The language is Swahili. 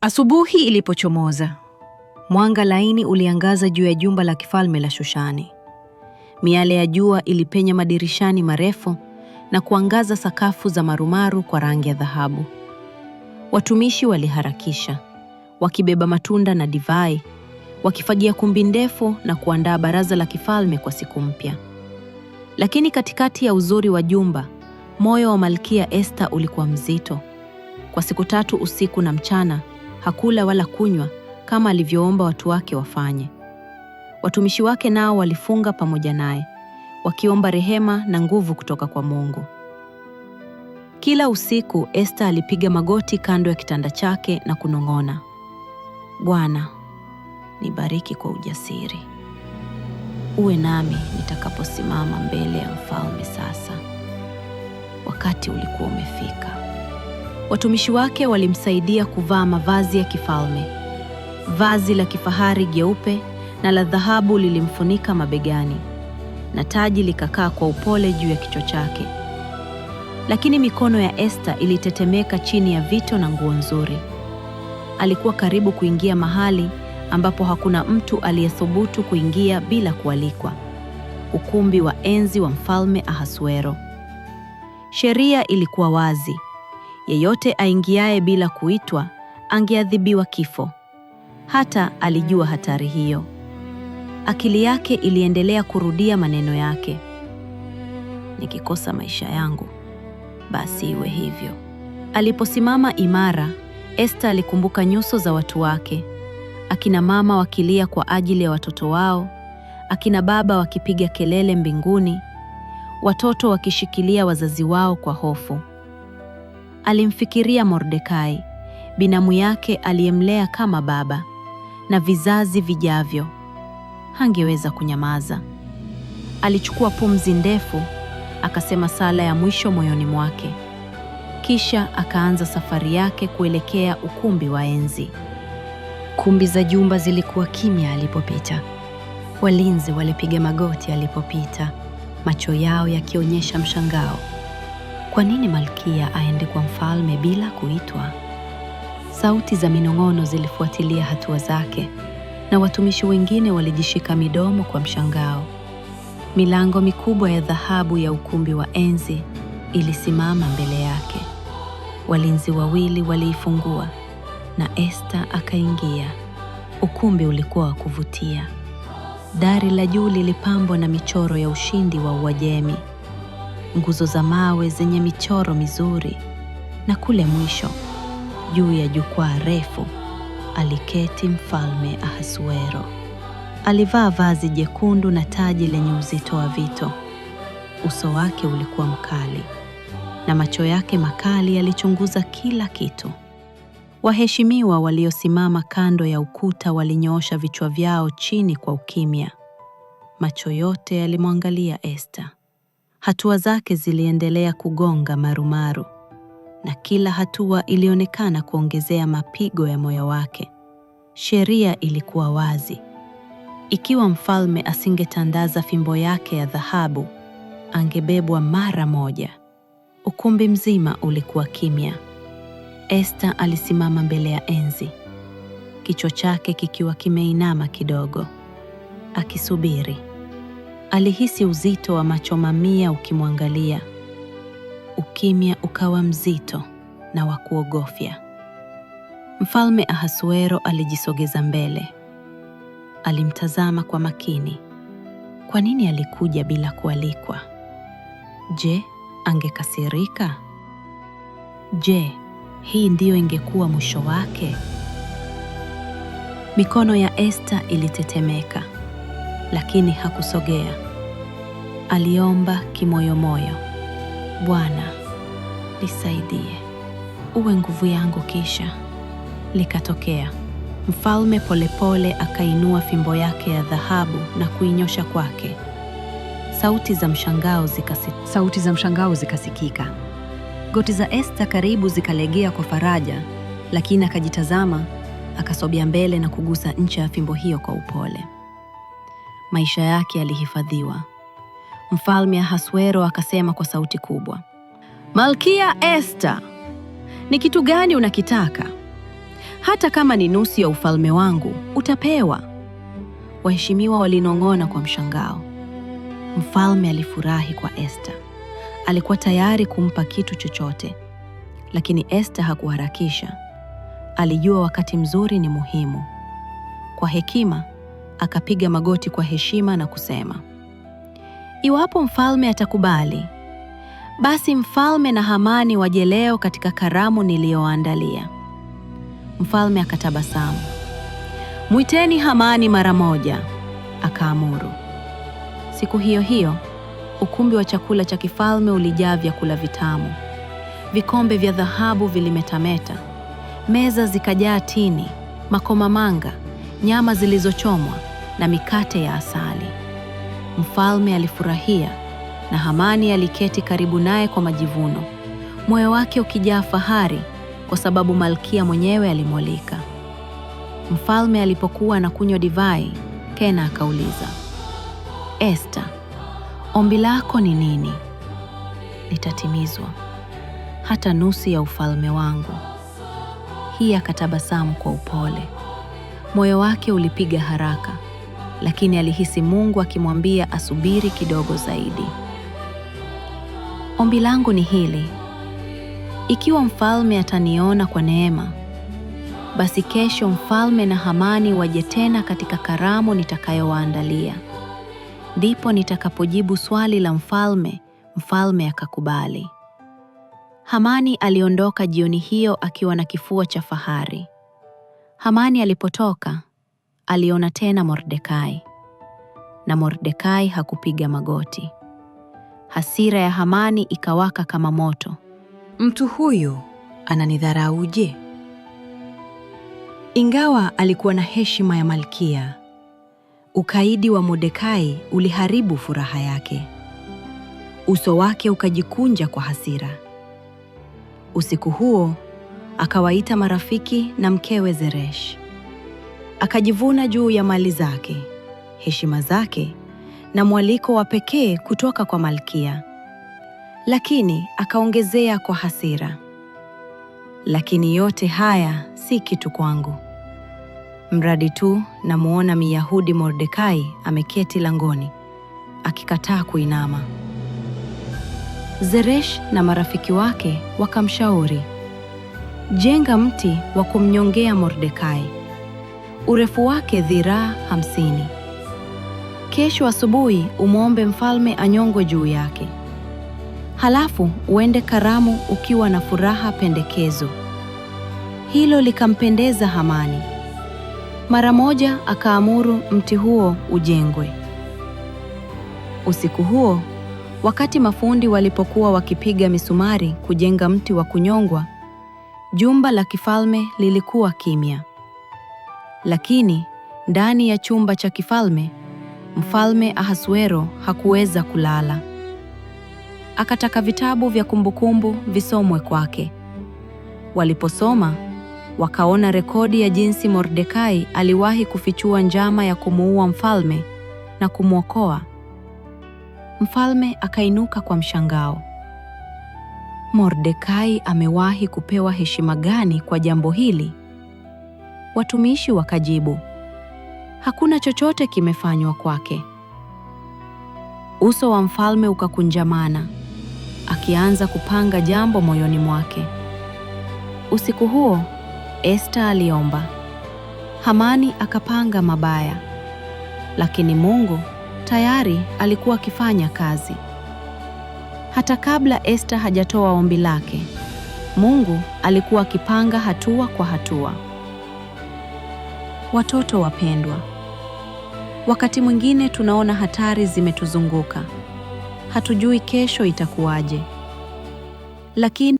Asubuhi ilipochomoza, mwanga laini uliangaza juu ya jumba la kifalme la Shushani. Miale ya jua ilipenya madirishani marefu na kuangaza sakafu za marumaru kwa rangi ya dhahabu. Watumishi waliharakisha, wakibeba matunda na divai, wakifagia kumbi ndefu na kuandaa baraza la kifalme kwa siku mpya. Lakini katikati ya uzuri wa jumba, moyo wa Malkia Esta ulikuwa mzito. Kwa siku tatu usiku na mchana hakula wala kunywa kama alivyoomba watu wake wafanye. Watumishi wake nao walifunga pamoja naye, wakiomba rehema na nguvu kutoka kwa Mungu. Kila usiku Esta alipiga magoti kando ya kitanda chake na kunong'ona, Bwana, nibariki kwa ujasiri, uwe nami nitakaposimama mbele ya mfalme. Sasa wakati ulikuwa umefika watumishi wake walimsaidia kuvaa mavazi ya kifalme. Vazi la kifahari jeupe na la dhahabu lilimfunika mabegani na taji likakaa kwa upole juu ya kichwa chake. Lakini mikono ya Esta ilitetemeka chini ya vito na nguo nzuri. Alikuwa karibu kuingia mahali ambapo hakuna mtu aliyethubutu kuingia bila kualikwa, ukumbi wa enzi wa mfalme Ahasuero. Sheria ilikuwa wazi. Yeyote aingiaye bila kuitwa angeadhibiwa kifo. Hata alijua hatari hiyo. Akili yake iliendelea kurudia maneno yake, nikikosa maisha yangu basi iwe hivyo. Aliposimama imara, Esther alikumbuka nyuso za watu wake, akina mama wakilia kwa ajili ya watoto wao, akina baba wakipiga kelele mbinguni, watoto wakishikilia wazazi wao kwa hofu alimfikiria Mordekai, binamu yake aliyemlea kama baba, na vizazi vijavyo. Hangeweza kunyamaza. Alichukua pumzi ndefu, akasema sala ya mwisho moyoni mwake, kisha akaanza safari yake kuelekea ukumbi wa enzi. Kumbi za jumba zilikuwa kimya alipopita. Walinzi walipiga magoti alipopita, macho yao yakionyesha mshangao. Kwa nini malkia aende kwa mfalme bila kuitwa? Sauti za minong'ono zilifuatilia hatua zake, na watumishi wengine walijishika midomo kwa mshangao. Milango mikubwa ya dhahabu ya ukumbi wa enzi ilisimama mbele yake. Walinzi wawili waliifungua na Esta akaingia. Ukumbi ulikuwa wa kuvutia. Dari la juu lilipambwa na michoro ya ushindi wa Uajemi nguzo za mawe zenye michoro mizuri, na kule mwisho juu ya jukwaa refu aliketi Mfalme Ahasuero. Alivaa vazi jekundu na taji lenye uzito wa vito. Uso wake ulikuwa mkali na macho yake makali yalichunguza kila kitu. Waheshimiwa waliosimama kando ya ukuta walinyoosha vichwa vyao chini kwa ukimya. Macho yote yalimwangalia Esther hatua zake ziliendelea kugonga marumaru na kila hatua ilionekana kuongezea mapigo ya moyo wake. Sheria ilikuwa wazi. Ikiwa mfalme asingetandaza fimbo yake ya dhahabu, angebebwa mara moja. Ukumbi mzima ulikuwa kimya. este alisimama mbele ya enzi, kichwa chake kikiwa kimeinama kidogo, akisubiri. Alihisi uzito wa macho mamia ukimwangalia. Ukimya ukawa mzito na wa kuogofya. Mfalme Ahasuero alijisogeza mbele. Alimtazama kwa makini. Kwa nini alikuja bila kualikwa? Je, angekasirika? Je, hii ndiyo ingekuwa mwisho wake? Mikono ya Esta ilitetemeka lakini hakusogea. Aliomba kimoyomoyo, Bwana nisaidie, uwe nguvu yangu. Kisha likatokea. Mfalme polepole akainua fimbo yake ya dhahabu na kuinyosha kwake. Sauti za mshangao zikasi... sauti za mshangao zikasikika. Goti za Esta karibu zikalegea kwa faraja, lakini akajitazama, akasobia mbele na kugusa ncha ya fimbo hiyo kwa upole maisha yake yalihifadhiwa. Mfalme Ahasuero akasema kwa sauti kubwa, Malkia Esta, ni kitu gani unakitaka? Hata kama ni nusu ya ufalme wangu utapewa. Waheshimiwa walinong'ona kwa mshangao. Mfalme alifurahi kwa Esta, alikuwa tayari kumpa kitu chochote, lakini Esta hakuharakisha. Alijua wakati mzuri ni muhimu. Kwa hekima akapiga magoti kwa heshima na kusema, iwapo mfalme atakubali, basi mfalme na Hamani waje leo katika karamu niliyoandalia. Mfalme akatabasamu. Mwiteni Hamani mara moja, akaamuru. Siku hiyo hiyo ukumbi wa chakula cha kifalme ulijaa vyakula vitamu. Vikombe vya dhahabu vilimetameta, meza zikajaa tini, makomamanga, nyama zilizochomwa na mikate ya asali. Mfalme alifurahia na Hamani aliketi karibu naye kwa majivuno, moyo wake ukijaa fahari kwa sababu malkia mwenyewe alimwalika. Mfalme alipokuwa anakunywa divai, Kena akauliza, Esta, ombi lako ni nini? Litatimizwa, hata nusu ya ufalme wangu. Hii akatabasamu kwa upole, moyo wake ulipiga haraka lakini alihisi Mungu akimwambia asubiri kidogo zaidi. Ombi langu ni hili: ikiwa mfalme ataniona kwa neema, basi kesho mfalme na Hamani waje tena katika karamu nitakayowaandalia. Ndipo nitakapojibu swali la mfalme, mfalme akakubali. Hamani aliondoka jioni hiyo akiwa na kifua cha fahari. Hamani alipotoka aliona tena Mordekai, na Mordekai hakupiga magoti. Hasira ya Hamani ikawaka kama moto. Mtu huyu ananidharauje? Ingawa alikuwa na heshima ya malkia, ukaidi wa Mordekai uliharibu furaha yake. Uso wake ukajikunja kwa hasira. Usiku huo akawaita marafiki na mkewe Zeresh akajivuna juu ya mali zake, heshima zake na mwaliko wa pekee kutoka kwa Malkia. Lakini akaongezea kwa hasira, lakini yote haya si kitu kwangu, mradi tu namwona Myahudi Mordekai ameketi langoni akikataa kuinama. Zeresh na marafiki wake wakamshauri, jenga mti wa kumnyongea Mordekai urefu wake dhiraa hamsini. Kesho asubuhi umwombe mfalme anyongwe juu yake. Halafu uende karamu ukiwa na furaha pendekezo. Hilo likampendeza Hamani. Mara moja akaamuru mti huo ujengwe. Usiku huo, wakati mafundi walipokuwa wakipiga misumari kujenga mti wa kunyongwa, jumba la kifalme lilikuwa kimya. Lakini ndani ya chumba cha kifalme, Mfalme Ahasuero hakuweza kulala. Akataka vitabu vya kumbukumbu visomwe kwake. Waliposoma, wakaona rekodi ya jinsi Mordekai aliwahi kufichua njama ya kumuua mfalme na kumwokoa. Mfalme akainuka kwa mshangao. Mordekai amewahi kupewa heshima gani kwa jambo hili? Watumishi wakajibu, hakuna chochote kimefanywa kwake. Uso wa mfalme ukakunjamana, akianza kupanga jambo moyoni mwake. Usiku huo Esta aliomba, Hamani akapanga mabaya, lakini Mungu tayari alikuwa akifanya kazi. Hata kabla Esta hajatoa ombi lake, Mungu alikuwa akipanga hatua kwa hatua. Watoto wapendwa, wakati mwingine tunaona hatari zimetuzunguka, hatujui kesho itakuwaje, lakini